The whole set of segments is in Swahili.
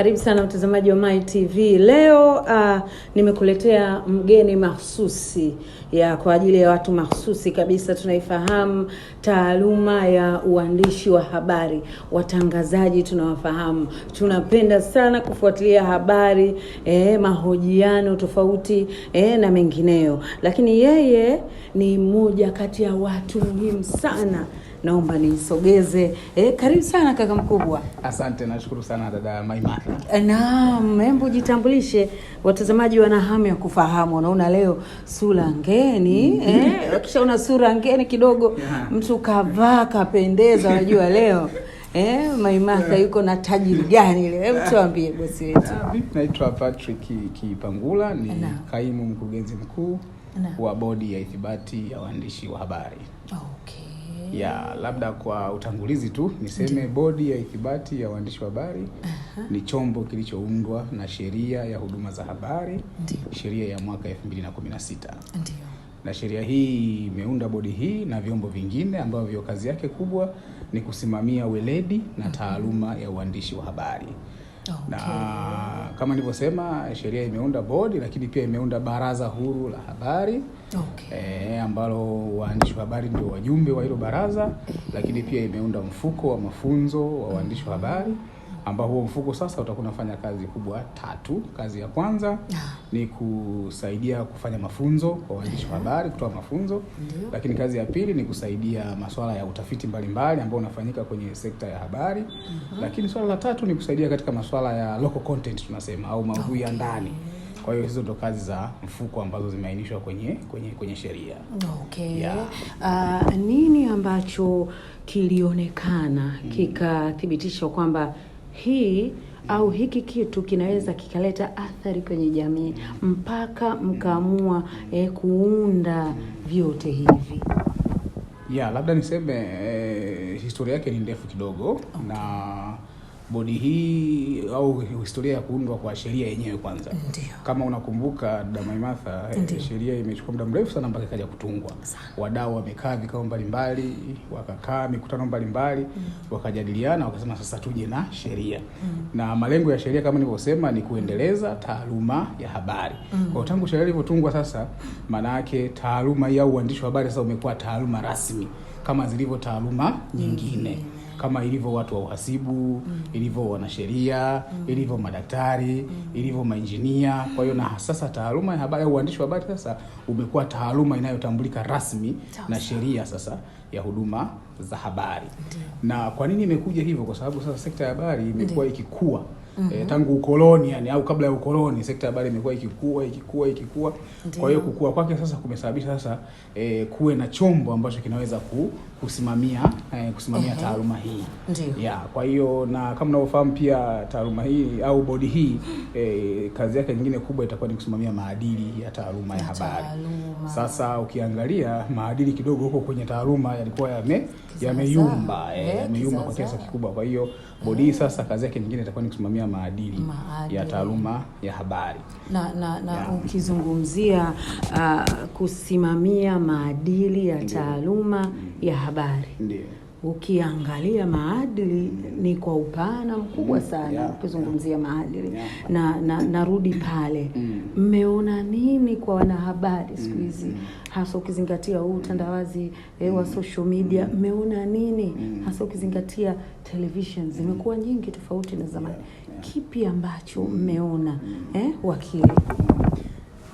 Karibu sana mtazamaji wa Mai TV. Leo uh, nimekuletea mgeni mahsusi ya kwa ajili ya watu mahsusi kabisa. Tunaifahamu taaluma ya uandishi wa habari, watangazaji tunawafahamu, tunapenda sana kufuatilia habari eh, mahojiano tofauti eh, na mengineyo, lakini yeye ni mmoja kati ya watu muhimu sana naomba nisogeze. Eh, karibu sana kaka mkubwa. Asante, nashukuru sana dada Maimartha. Eh, naam, hebu jitambulishe, watazamaji wana hamu ya kufahamu. Unaona leo sura ngeni mhm. eh, kisha una sura ngeni kidogo yeah. Mtu kavaa kapendeza, unajua leo Eh, Maimartha yuko na tajiri gani leo? Hebu tuambie bosi wetu. Ah, naitwa Patrick Kipangula ni na kaimu mkurugenzi mkuu wa bodi ya ithibati ya waandishi wa habari. Okay ya labda kwa utangulizi tu niseme bodi ya ithibati ya waandishi wa habari ni chombo kilichoundwa na sheria ya huduma za habari, sheria ya mwaka 2016. Ndio. Na sheria hii imeunda bodi hii na vyombo vingine ambavyo kazi yake kubwa ni kusimamia weledi na mhm. taaluma ya uandishi wa habari. Okay. Na kama nilivyosema, sheria imeunda bodi, lakini pia imeunda baraza huru la habari okay. E, eh, ambalo waandishi wa habari ndio wajumbe wa hilo baraza Lakini pia imeunda mfuko wa mafunzo wa waandishi wa habari ambao huo mfuko sasa utakuwa unafanya kazi kubwa tatu. Kazi ya kwanza ah. ni kusaidia kufanya mafunzo kwa waandishi wa habari, kutoa mafunzo, lakini kazi ya pili ni kusaidia masuala ya utafiti mbalimbali ambao unafanyika kwenye sekta ya habari, mhm. lakini swala la tatu ni kusaidia katika masuala ya local content tunasema, au maudhui ya ndani. Kwa hiyo hizo ndo kazi za mfuko ambazo zimeainishwa kwenye kwenye kwenye sheria. Okay. Yeah. Uh, nini ambacho kilionekana mm. kikathibitisha kwamba hii au hiki kitu kinaweza kikaleta athari kwenye jamii mpaka mkaamua eh, kuunda vyote hivi? Ya, labda niseme eh, historia yake ni ndefu kidogo. Okay. na bodi hii au historia ya kuundwa kwa sheria yenyewe kwanza. Ndiyo. Kama unakumbuka dada eh, sheria imechukua muda mrefu sana mpaka ikaja kutungwa. Wadau wamekaa vikao mbalimbali, wakakaa mikutano mbalimbali mm. wakajadiliana, wakasema sasa tuje na sheria mm. na malengo ya sheria kama nilivyosema ni kuendeleza taaluma ya habari mm. kwa tangu sheria ilivyotungwa, sasa maana yake taaluma ya uandishi wa habari sasa umekuwa taaluma rasmi kama zilivyo taaluma nyingine mm kama ilivyo watu wa uhasibu mm. ilivyo wanasheria mm. ilivyo madaktari mm. ilivyo mainjinia. Kwa hiyo na sasa taaluma ya habari au uandishi wa habari sasa umekuwa taaluma inayotambulika rasmi Tawasa. na sheria sasa ya huduma za habari Ndiyo. na kwa nini imekuja hivyo? Kwa sababu sasa sekta ya habari imekuwa ikikua mm -hmm. E, tangu ukoloni yani, au kabla ya ukoloni sekta ya habari imekuwa ikikua ikikua ikikua. Kwa hiyo kukua kwake sasa kumesababisha sasa e, kuwe na chombo ambacho kinaweza ku, kusimamia e, kusimamia mm-hmm. taaluma hii ya kwa hiyo na kama unavyofahamu pia taaluma hii au bodi hii e, kazi yake nyingine kubwa itakuwa ni kusimamia maadili ya taaluma ya, habari taaluma. Sasa ukiangalia maadili kidogo huko kwenye taaluma yalikuwa yameyumba yameyumba e, kwa kiasi kikubwa kwa hiyo Bodi hii sasa kazi yake nyingine itakuwa ni kusimamia maadili, maadili ya taaluma ya habari na, na, na ukizungumzia uh, kusimamia maadili ya taaluma ya mm. habari Ndiyo ukiangalia maadili ni kwa upana mkubwa mm. sana ukizungumzia yeah, maadili yeah. Na, na narudi pale mm. mmeona mm. nini kwa wanahabari siku mm. hizi mm. hasa ukizingatia huu utandawazi eh, mm. wa social media mmeona mm. nini mm. hasa ukizingatia television zimekuwa nyingi tofauti na zamani yeah, yeah. Kipi ambacho mmeona mm. eh, wakili?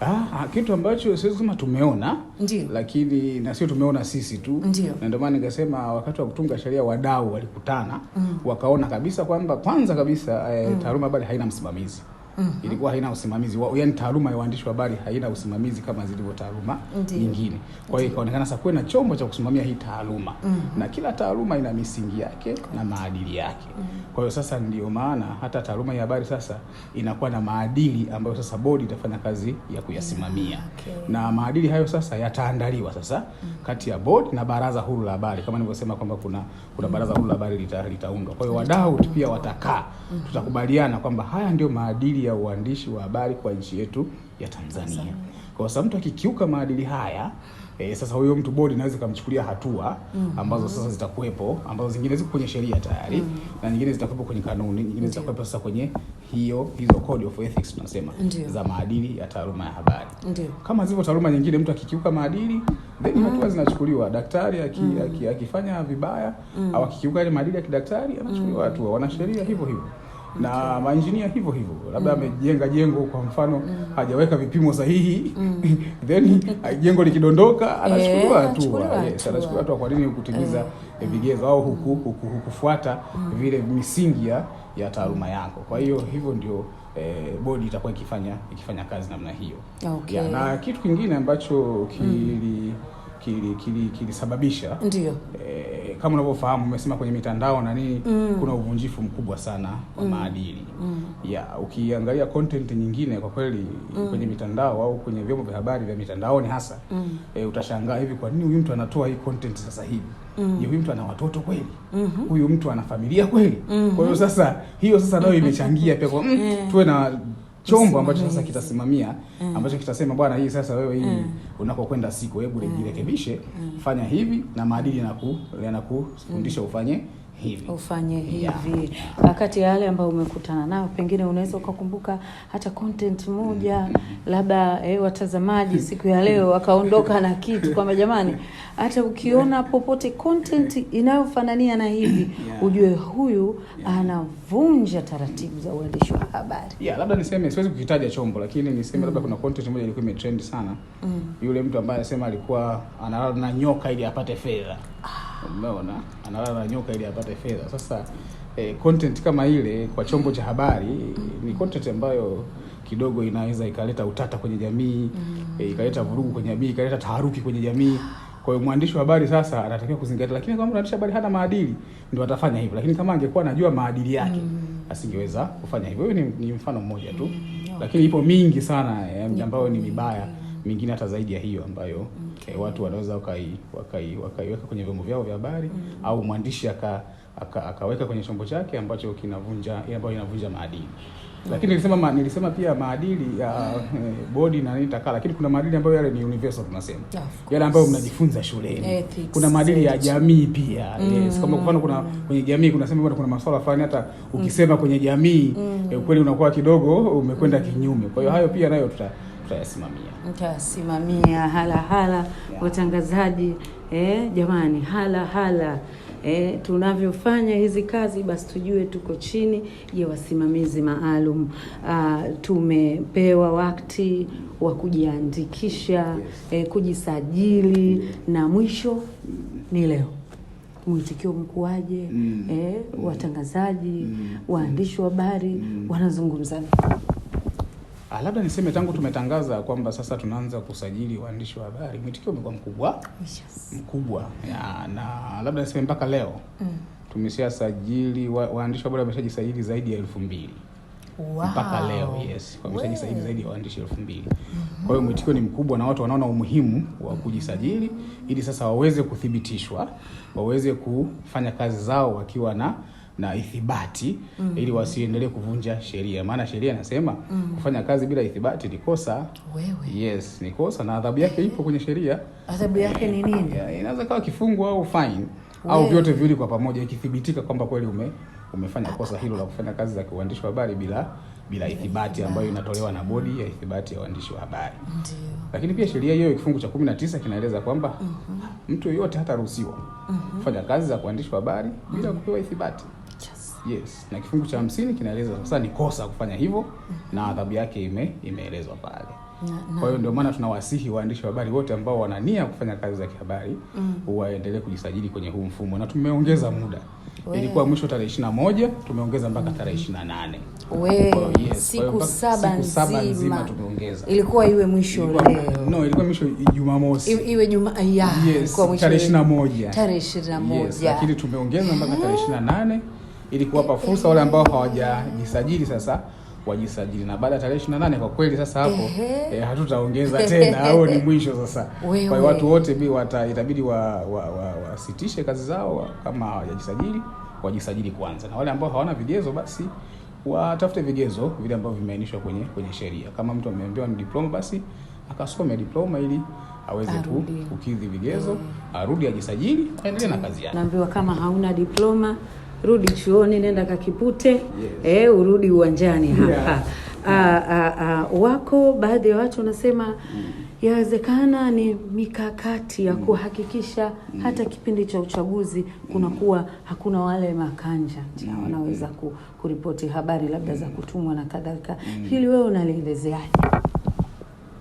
Ah, ah, kitu ambacho siwezi kusema tumeona ndiyo, lakini na sio tumeona sisi tu, na ndio maana nikasema wakati wa kutunga sheria wadau walikutana mm, wakaona kabisa kwamba kwanza kabisa eh, mm, taaluma bali haina msimamizi -hmm. ilikuwa haina usimamizi wao, yani taaluma ya waandishi wa habari haina usimamizi kama zilivyo taaluma nyingine. Kwa hiyo ikaonekana sasa kuwe na chombo cha kusimamia hii taaluma mm -hmm. na kila taaluma ina misingi yake na maadili yake mm -hmm. kwa hiyo sasa ndiyo maana hata taaluma ya habari sasa inakuwa na maadili ambayo sasa bodi itafanya kazi ya kuyasimamia. Okay. na maadili hayo sasa yataandaliwa sasa mm -hmm. kati ya bodi na baraza huru la habari, kama nilivyosema kwamba kuna kuna baraza huru la habari litaundwa lita, kwa hiyo mm-hmm. wadau pia watakaa, mm-hmm. tutakubaliana kwamba haya ndio maadili ya uandishi wa habari kwa nchi yetu ya Tanzania. Kwa sababu mtu akikiuka maadili haya E, sasa huyo mtu bodi naweza kumchukulia hatua mm -hmm. ambazo sasa zitakuwepo ambazo zingine ziko kwenye sheria tayari mm -hmm. na nyingine zitakuwepo kwenye kanuni, nyingine zitakuwepo sasa kwenye hiyo hizo code of ethics tunasema Ndiyo. za maadili ya taaluma ya habari. Ndiyo. Kama zivyo taaluma nyingine, mtu akikiuka maadili then mm -hmm. hatua zinachukuliwa. Daktari aki, mm -hmm. akifanya vibaya mm -hmm. au akikiuka ile maadili ya kidaktari anachukuliwa mm -hmm. hatua, wanasheria hivyo hivyo na maengineer hivyo hivyo, labda mm. amejenga jengo kwa mfano mm. hajaweka vipimo sahihi, mm. then eh, jengo likidondoka anachukuliwa eh, hatua. Yes, hatua. Kwa nini hukutimiza eh, vigezo au hukufuata vile misingi ya taaluma yako? Kwa hiyo hivyo ndio eh, bodi itakuwa ikifanya ikifanya kazi namna hiyo. Okay. Ya, na kitu kingine ambacho kili kilisababisha kili, kili ndio e, kama unavyofahamu umesema kwenye mitandao na nini mm. kuna uvunjifu mkubwa sana wa mm. maadili mm. ya ukiangalia content nyingine kwa kweli mm. kwenye mitandao au kwenye vyombo vya habari vya mitandaoni hasa mm. e, utashangaa hivi, kwa nini huyu mtu anatoa hii content sasa hivi? Mm. Huyu mtu ana watoto kweli? mm -hmm. Huyu mtu ana familia kweli? mm -hmm. Kwa hiyo sasa hiyo sasa nayo mm. imechangia pia kwa mm, -hmm. tuwe na chombo ambacho sasa kitasimamia mm. ambacho kitasema bwana, hii sasa wewe hii mm. unakokwenda siku hebu mm. rejirekebishe mm. fanya hivi, na maadili yanakufundisha mm. ufanye hivi, ufanye hivi yeah. Kati ya yale ambayo umekutana nao, pengine unaweza ukakumbuka hata content moja mm-hmm. labda eh, watazamaji siku ya leo wakaondoka na kitu kwamba jamani, hata ukiona popote content inayofanania na hivi yeah. Ujue huyu yeah. anavunja taratibu za uandishi wa habari yeah. Labda niseme, siwezi kukitaja chombo, lakini niseme mm. labda kuna content moja ilikuwa imetrend sana mm. yule mtu ambaye anasema alikuwa analala na nyoka ili apate fedha ah umeona, analala na nyoka ili apate fedha. Sasa eh, content kama ile kwa chombo cha habari eh, ni content ambayo kidogo inaweza ikaleta utata kwenye jamii mm. eh, ikaleta vurugu kwenye jamii, ikaleta taharuki kwenye jamii. Kwa hiyo mwandishi wa habari sasa anatakiwa kuzingatia, lakini kama mwandishi wa habari hana maadili ndio atafanya hivyo, lakini kama angekuwa anajua maadili yake mm. asingeweza kufanya hivyo. Hiyo ni, ni mfano mmoja tu mm. okay. lakini ipo mingi sana eh, ambayo ni mibaya mm mingine hata zaidi ya hiyo ambayo okay. Mm. eh, watu wanaweza wakaiweka wakai, wakai kwenye vyombo vyao vya habari mm -hmm. au mwandishi aka, akaweka aka, kwenye chombo chake ambacho kinavunja ambayo inavunja maadili okay. Mm. Lakini nilisema ma, nilisema pia maadili ya uh, mm -hmm. bodi na nini takala, lakini kuna maadili ambayo yale ni universal tunasema yale ambayo mnajifunza shuleni Ethics, kuna maadili ya jamii pia mm -hmm. yes. Kama kufano kuna mm. kwenye jamii kuna sema kuna masuala fulani hata ukisema mm kwenye jamii mm -hmm. eh, ukweli unakuwa kidogo umekwenda kinyume, kwa hiyo hayo pia nayo tuta tutayasimamia mtayasimamia. Hala hala yeah. Watangazaji eh, jamani, hala hala eh, tunavyofanya hizi kazi basi tujue tuko chini ya wasimamizi maalum. Ah, tumepewa wakti wa kujiandikisha yes. Eh, kujisajili mm. na mwisho ni leo mwitikio mkuwaje mm. Eh, watangazaji mm. waandishi wa habari mm. wanazungumzana Ah, labda niseme tangu tumetangaza kwamba sasa tunaanza kusajili waandishi wa habari, mwitikio umekuwa mkubwa yes. mkubwa ya, na labda niseme mpaka leo mm. Tumesha sajili waandishi wa habari wameshajisajili zaidi ya elfu mbili wow. mpaka leo yes, wameshajisajili zaidi ya waandishi elfu mbili mm -hmm. Kwa hiyo mwitikio ni mkubwa na watu wanaona umuhimu wa kujisajili ili sasa waweze kuthibitishwa, waweze kufanya kazi zao wakiwa na na ithibati mm -hmm. ili wasiendelee kuvunja sheria, maana sheria inasema mm -hmm. kufanya kazi bila ithibati ni kosa. Wewe yes, ni kosa na adhabu yake ipo kwenye sheria. Adhabu yake ni nini? Eh, eh, inaweza kawa kifungo au fine au vyote viwili kwa pamoja, ikithibitika kwamba kweli ume umefanya kosa hilo la kufanya kazi za uandishi wa habari bila bila ithibati ambayo inatolewa na bodi ya ithibati ya waandishi wa habari. Ndiyo. Lakini pia sheria hiyo kifungu cha 19 kinaeleza kwamba mm -hmm. mtu yeyote hataruhusiwa mm -hmm. kufanya kazi za kuandishi wa habari bila mm -hmm. kupewa ithibati. Yes, na kifungu cha hamsini kinaeleza sasa ni kosa kufanya hivyo na adhabu yake ime imeelezwa pale. Kwa hiyo ndio maana tunawasihi waandishi wa habari wote ambao wanania kufanya kazi za kihabari mm, waendelee kujisajili kwenye huu mfumo na tumeongeza muda We. Ilikuwa mwisho tarehe ishirini na moja tumeongeza mpaka tarehe ishirini na nane yes. Siku saba nzima, nzima tumeongeza, ilikuwa iwe mwisho ilikuwa, leo no, ilikuwa mwisho Jumamosi iwe juma ya yes, tarehe ishirini na moja tarehe ishirini na moja lakini tumeongeza mpaka tarehe ishirini na nane ili kuwapa fursa wale ambao hawajajisajili sasa wajisajili na baada ya tarehe nane kwa kweli sasa hapo e, hatutaongeza tena au ni mwisho sasa. Kwa hiyo watu wote bi wata itabidi wasitishe wa, wa, wa kazi zao kama hawajajisajili wajisajili kwanza, na wale ambao hawana vigezo basi watafute vigezo vile ambavyo vimeainishwa kwenye kwenye sheria. Kama mtu ameambiwa ni diploma, basi akasome diploma ili aweze tu kukidhi vigezo, arudi ajisajili, aendelee na kazi yake. Naambiwa kama hauna diploma rudi chuoni, nenda kakipute yes. eh, urudi uwanjani hapa yeah. A, ah, ah, ah, wako baadhi ya watu wanasema mm. Yawezekana ni mikakati ya mm. kuhakikisha mm. hata kipindi cha uchaguzi kunakuwa mm. hakuna wale makanja mm. wanaweza mm. kuripoti habari labda za kutumwa na kadhalika. Hili wewe unalielezeaje?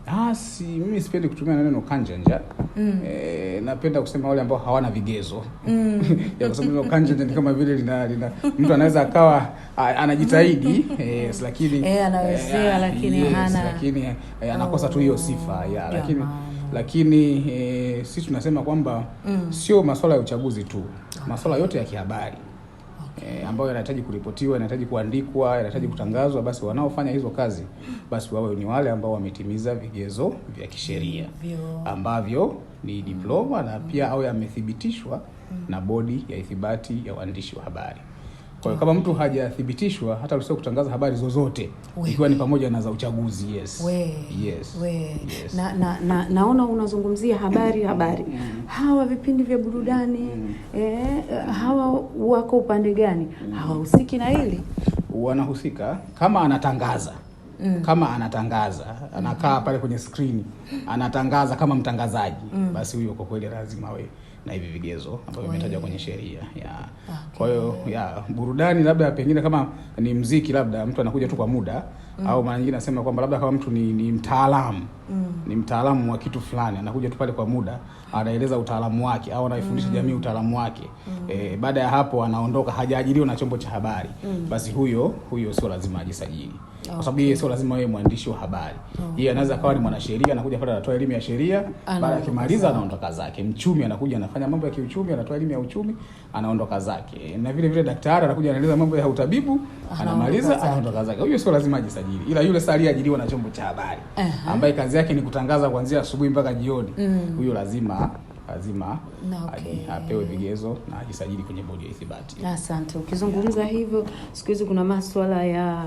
Ah, si mimi sipendi kutumia neno kanjanja mm. E, napenda kusema wale ambao hawana vigezo mm. ya kusema neno kanjanja ni kama vile lina, lina mtu anaweza akawa anajitahidi mm. yes, lakini eh, anawezea eh, lakini yes, hana lakini e, anakosa tu oh. hiyo sifa ya lakini yeah, lakini e, sisi tunasema kwamba mm. sio masuala ya uchaguzi tu, masuala yote ya kihabari eh, ambayo yanahitaji kuripotiwa, yanahitaji kuandikwa, yanahitaji kutangazwa, basi wanaofanya hizo kazi basi wawe ni wale ambao wametimiza vigezo vya kisheria ambavyo ni diploma na pia au yamethibitishwa na bodi ya ithibati ya waandishi wa habari. Kwa hiyo kama mtu hajathibitishwa hata ruhusa kutangaza habari zozote ikiwa ni pamoja na za uchaguzi. Yes. We. Yes. We. Yes. Na, na, na, naona unazungumzia habari habari mm. hawa vipindi vya burudani mm. eh, hawa wako upande gani? Mm. Hawahusiki na hili? Wanahusika kama anatangaza Mm. Kama anatangaza anakaa pale kwenye skrini anatangaza kama mtangazaji mm. Basi huyo kwa kweli lazima wewe na hivi vigezo ambavyo vimetajwa kwenye sheria ya. Okay. Ah, kwa hiyo ya burudani labda pengine kama ni mziki, labda mtu anakuja tu kwa muda mm. au mara nyingine nasema kwamba labda kama mtu ni, ni mtaalamu mm. ni mtaalamu wa kitu fulani anakuja tu pale kwa muda anaeleza utaalamu wake au anaifundisha mm. jamii utaalamu wake mm. e, baada ya hapo anaondoka, hajaajiriwa na chombo cha habari mm. basi huyo huyo sio lazima ajisajili okay. kwa sababu yeye sio lazima yeye mwandishi wa habari okay. Oh. yeye anaweza akawa ni mwanasheria, anakuja pale anatoa elimu ya sheria, baada akimaliza anaondoka zake. Mchumi anakuja anafanya mambo ya kiuchumi, anatoa elimu ya uchumi, anaondoka zake, na vile vile daktari anakuja anaeleza mambo ya utabibu, anamaliza anaondoka zake. Huyo sio lazima ajisajili aliajiri, ila yule saa aliyeajiriwa na chombo cha habari uh -huh. ambaye kazi yake ni kutangaza kuanzia asubuhi mpaka jioni mm. huyo lazima lazima okay. apewe vigezo na ajisajili kwenye bodi ya ithibati. Asante. Ukizungumza yeah. hivyo, siku hizi kuna masuala ya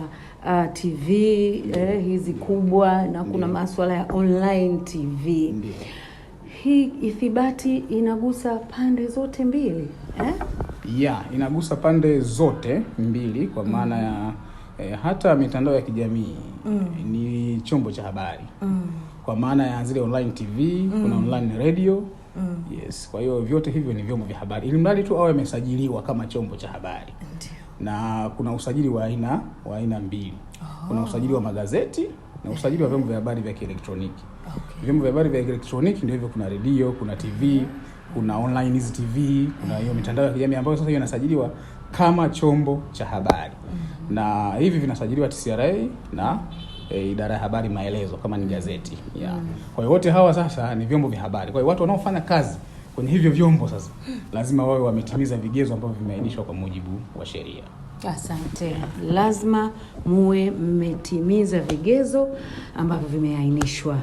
uh, TV yeah. eh, hizi yeah. kubwa na kuna yeah. masuala ya online TV yeah. hii ithibati inagusa pande zote mbili eh? Yeah, inagusa pande zote mbili kwa maana mm -hmm. ya e, hata mitandao ya kijamii mm. ni chombo cha habari mm. kwa maana ya zile online TV mm. kuna online radio mm. yes. Kwa hiyo vyote hivyo ni vyombo vya habari, ili mradi tu awe amesajiliwa kama chombo cha habari Ndiyo. na kuna usajili wa aina wa aina mbili oh. kuna usajili wa magazeti na usajili wa vyombo vya habari vya kielektroniki okay. vyombo vya habari vya kielektroniki ndio hivyo, kuna redio, kuna TV, mm kuna online hizi TV, kuna hiyo mitandao ya kijamii ambayo sasa hiyo inasajiliwa kama chombo cha habari mm -hmm. na hivi vinasajiliwa TCRA na e, idara ya habari maelezo kama ni gazeti mm-hmm. yeah. mm -hmm. Kwa hiyo wote hawa sasa ni vyombo vya habari, kwa hiyo watu wanaofanya kazi kwenye hivyo vyombo sasa lazima wawe wametimiza vigezo ambavyo vimeainishwa kwa mujibu wa sheria. Asante. Lazima muwe mmetimiza vigezo ambavyo vimeainishwa.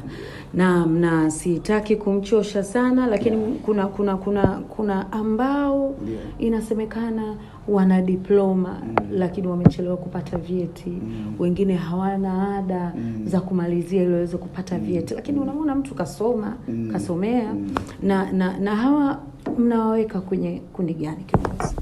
Naam, na sitaki kumchosha sana lakini yeah. Kuna kuna kuna kuna ambao yeah. Inasemekana wana diploma mm. Lakini wamechelewa kupata vyeti mm. Wengine hawana ada mm. za kumalizia ili waweze kupata mm. vyeti, lakini unaona mtu kasoma mm. kasomea mm. Na, na na hawa mnawaweka kwenye kundi gani kiongozi?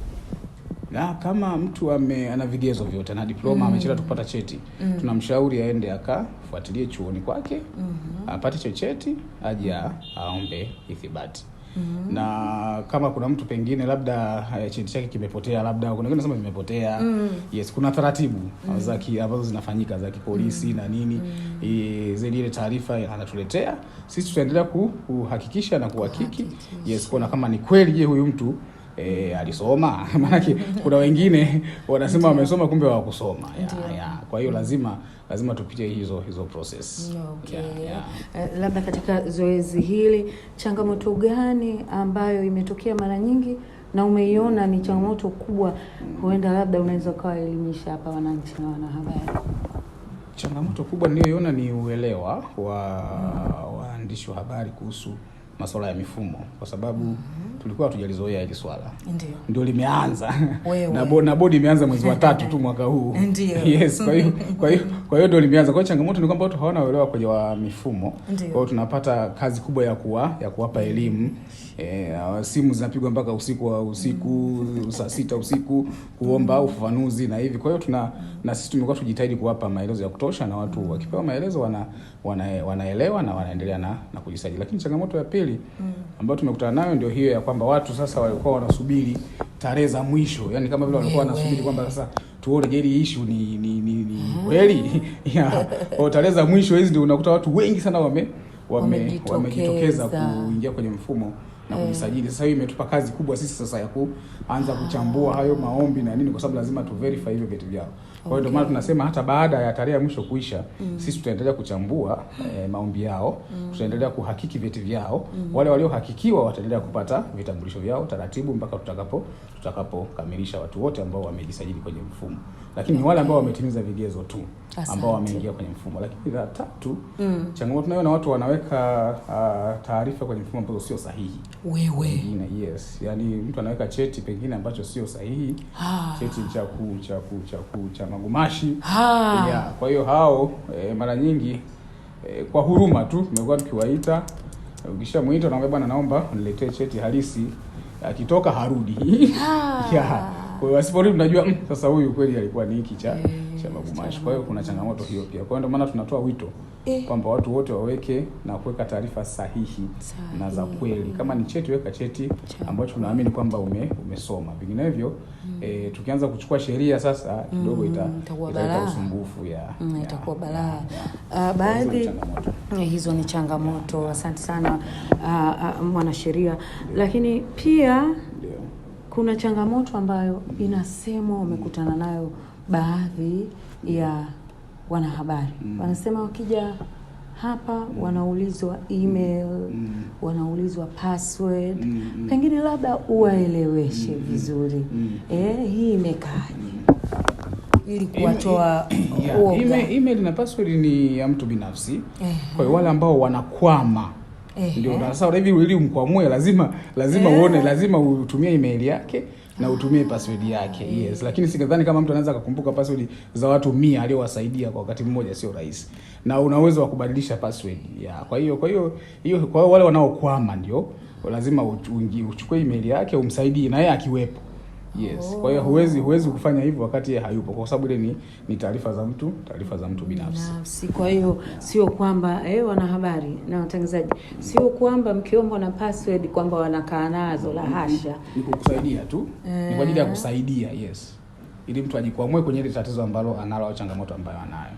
na kama mtu ame, ana vigezo vyote ana diploma mm. amechelewa kupata cheti mm. tunamshauri aende akafuatilie chuoni kwake mm -hmm. apate cho cheti aje aombe ithibati. Mm -hmm. Na kama kuna mtu pengine labda eh, cheti chake kimepotea, labda kuna wengine nasema vimepotea. mm -hmm. Yes, kuna taratibu mm -hmm. za ambazo zinafanyika za kipolisi mm -hmm. na nini mm -hmm. Eh, zaidi ile taarifa anatuletea sisi, tutaendelea kuhakikisha na kuhakiki yes, kuona kama ni kweli, je, huyu mtu E, alisoma maanake kuna wengine wanasema wamesoma kumbe hawakusoma. Kwa hiyo lazima lazima tupitie hizo hizo process. Okay. yeah, yeah. Uh, labda katika zoezi hili changamoto gani ambayo imetokea mara nyingi na umeiona ni changamoto kubwa, huenda labda unaweza ukawaelimisha hapa wananchi na wanahabari? Changamoto kubwa niliyoiona ni uelewa wa mm. waandishi wa habari kuhusu masuala ya mifumo kwa sababu mm -hmm tulikuwa hatujalizoea hili swala, ndio ndio limeanza na bodi na bodi imeanza mwezi wa tatu tu mwaka huu ndio. Yes, kwa hiyo kwa hiyo kwa hiyo ndio limeanza. Kwa hiyo changamoto ni kwamba watu hawana uelewa kwenye wa mifumo, kwa hiyo tunapata kazi kubwa ya kuwa ya kuwapa elimu e, simu zinapigwa mpaka usiku wa usiku saa sita usiku kuomba ufafanuzi na hivi. Kwa hiyo tuna na sisi tumekuwa tujitahidi kuwapa maelezo ya kutosha, na watu wakipewa maelezo wana, wana, wanaelewa na wanaendelea na, na kujisajili. Lakini changamoto ya pili mm. ambayo tumekutana nayo ndio hiyo ya kwa kwamba watu sasa walikuwa wanasubiri tarehe za mwisho, yani kama vile walikuwa wanasubiri kwamba sasa tuone je, hii issue ni ni ni kweli au tarehe za mwisho hizi, ndio unakuta watu wengi sana wame wamejitokeza wame kuingia kwenye mfumo na kujisajili. Sasa hiyo imetupa kazi kubwa sisi sasa ya kuanza kuchambua hayo maombi na nini, kwa sababu lazima tu verify hivyo vitu vyao. Kwa hiyo ndio maana tunasema hata baada ya tarehe ya mwisho kuisha, mm. sisi tutaendelea kuchambua mm. eh, maombi yao mm. tutaendelea kuhakiki vyeti vyao mm. wale waliohakikiwa wataendelea kupata vitambulisho vyao taratibu mpaka tutakapo tutakapokamilisha watu wote ambao wamejisajili kwenye mfumo, lakini wale ambao wametimiza vigezo tu ambao wameingia kwenye mfumo. Lakini la tatu mm. changamoto nayo na watu wanaweka uh, taarifa kwenye mfumo ambazo sio sahihi. Wewe pengine, yes, yaani mtu anaweka cheti pengine ambacho sio sahihi ha. cheti cha ku cha ku cha ku cha magumashi yeah. Kwa hiyo hao eh, mara nyingi eh, kwa huruma tu tumekuwa tukiwaita, Ukisha ukishamwita unaambia bwana, naomba niletee cheti halisi, akitoka harudi Ha. yeah. Kwa hiyo asiporudi unajua hmm, sasa huyu kweli alikuwa ni hiki cha yeah cha magumashi. Kwa hiyo kuna changamoto hiyo pia. Kwa hiyo ndio maana tunatoa wito eh. kwamba watu wote waweke na kuweka taarifa sahihi Sahi. na za kweli. Mm. Kama ni cheti, weka cheti ambacho unaamini kwamba ume, umesoma. Vinginevyo mm. e, tukianza kuchukua sheria sasa mm, kidogo ita, mm, ita usumbufu ya mm, itakuwa balaa. Uh, baadhi eh, hizo ni changamoto. Yeah. Asante sana uh, uh, mwanasheria. Yeah. Lakini pia yeah. kuna changamoto ambayo inasemwa umekutana nayo baadhi ya wanahabari mm. wanasema wakija hapa mm. wanaulizwa email mm. mm. wanaulizwa password mm. mm. pengine labda uwaeleweshe mm. vizuri mm. Eh, hii imekaaje ili kuwatoa yeah. Email na password ni ya mtu binafsi eh. Kwa hiyo eh. wale ambao wanakwama eh. Ndio sasa hivi ili umkwamue lazima lazima uone eh. lazima utumie email yake na utumie password yake. Yes, lakini sikadhani kama mtu anaweza akakumbuka password za watu mia aliyowasaidia kwa wakati mmoja, sio rahisi, na una uwezo wa kubadilisha password ya. Kwa hiyo kwa hiyo hiyo, kwa wale wanaokwama ndio lazima uchukue email yake umsaidie na yeye akiwepo Yes. Oh. Kwa hiyo huwezi huwezi kufanya hivyo wakati yeye hayupo, kwa sababu ile ni ni taarifa za mtu taarifa za mtu binafsi. Binafsi. Kwa hiyo sio kwamba eh, wanahabari na watangazaji, sio kwamba mkiomba na password kwamba wanakaa nazo, la hasha, ni kukusaidia tu eh, ni kwa ajili ya eh. kusaidia yes, ili mtu ajikwamue kwenye ile tatizo ambalo analo au changamoto ambayo anayo.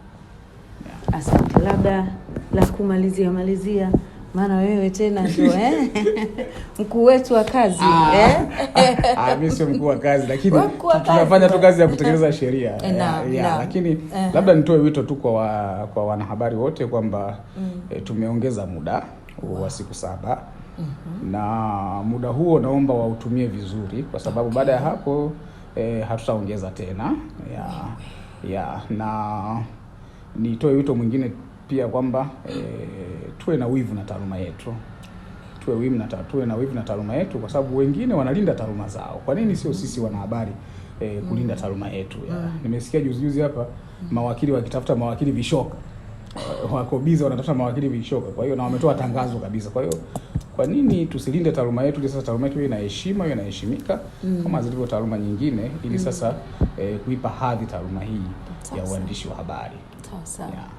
Yeah. Asante, labda la kumalizia malizia maana wewe tena ndio eh? mkuu wetu wa kazi ah. eh? Ah, mimi sio mkuu wa kazi, lakini tunafanya tu kazi ya kutengeneza sheria e, yeah, yeah. Lakini uh eh. -huh. labda nitoe wito tu kwa, wa, kwa wanahabari wote kwamba mm. e, tumeongeza muda wow. wa siku saba mm -hmm. na muda huo naomba wautumie vizuri kwa sababu okay. baada ya hapo e, hatutaongeza tena yeah. yeah. na nitoe wito mwingine pia kwamba e, tuwe na wivu na taaluma yetu, tuwe wivu na tuwe na wivu na taaluma yetu, kwa sababu wengine wanalinda taaluma zao. Kwa nini sio sisi wanahabari e, kulinda mm. taaluma yetu? ya. Mm. Nimesikia juzi juzi hapa mm. mawakili wakitafuta mawakili vishoka eh, wako biza wanatafuta mawakili vishoka, kwa hiyo na wametoa tangazo kabisa. Kwa hiyo kwa nini tusilinde taaluma yetu ili sasa taaluma yetu ina heshima, iwe inaheshimika mm. kama zilivyo taaluma nyingine, ili mm. sasa eh, kuipa hadhi taaluma hii ya uandishi wa habari yeah,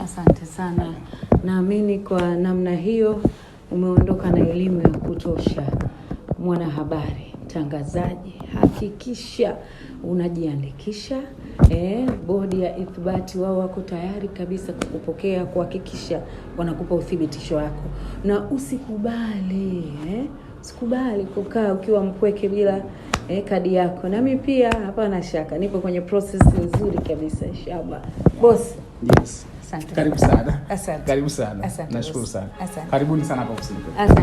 Asante sana Naamini kwa namna hiyo umeondoka na elimu ya kutosha. Mwanahabari, mtangazaji, hakikisha unajiandikisha. eh, bodi ya ithibati wao wako tayari kabisa kukupokea, kuhakikisha wanakupa uthibitisho wako, na usikubali eh, usikubali kukaa ukiwa mpweke bila eh, kadi yako. Nami pia hapana shaka nipo kwenye process nzuri kabisa inshallah. Boss. Yes. Asante. Karibu sana. Asante. Karibu sana. Nashukuru sana. Karibuni sana kwa kusini. Asante.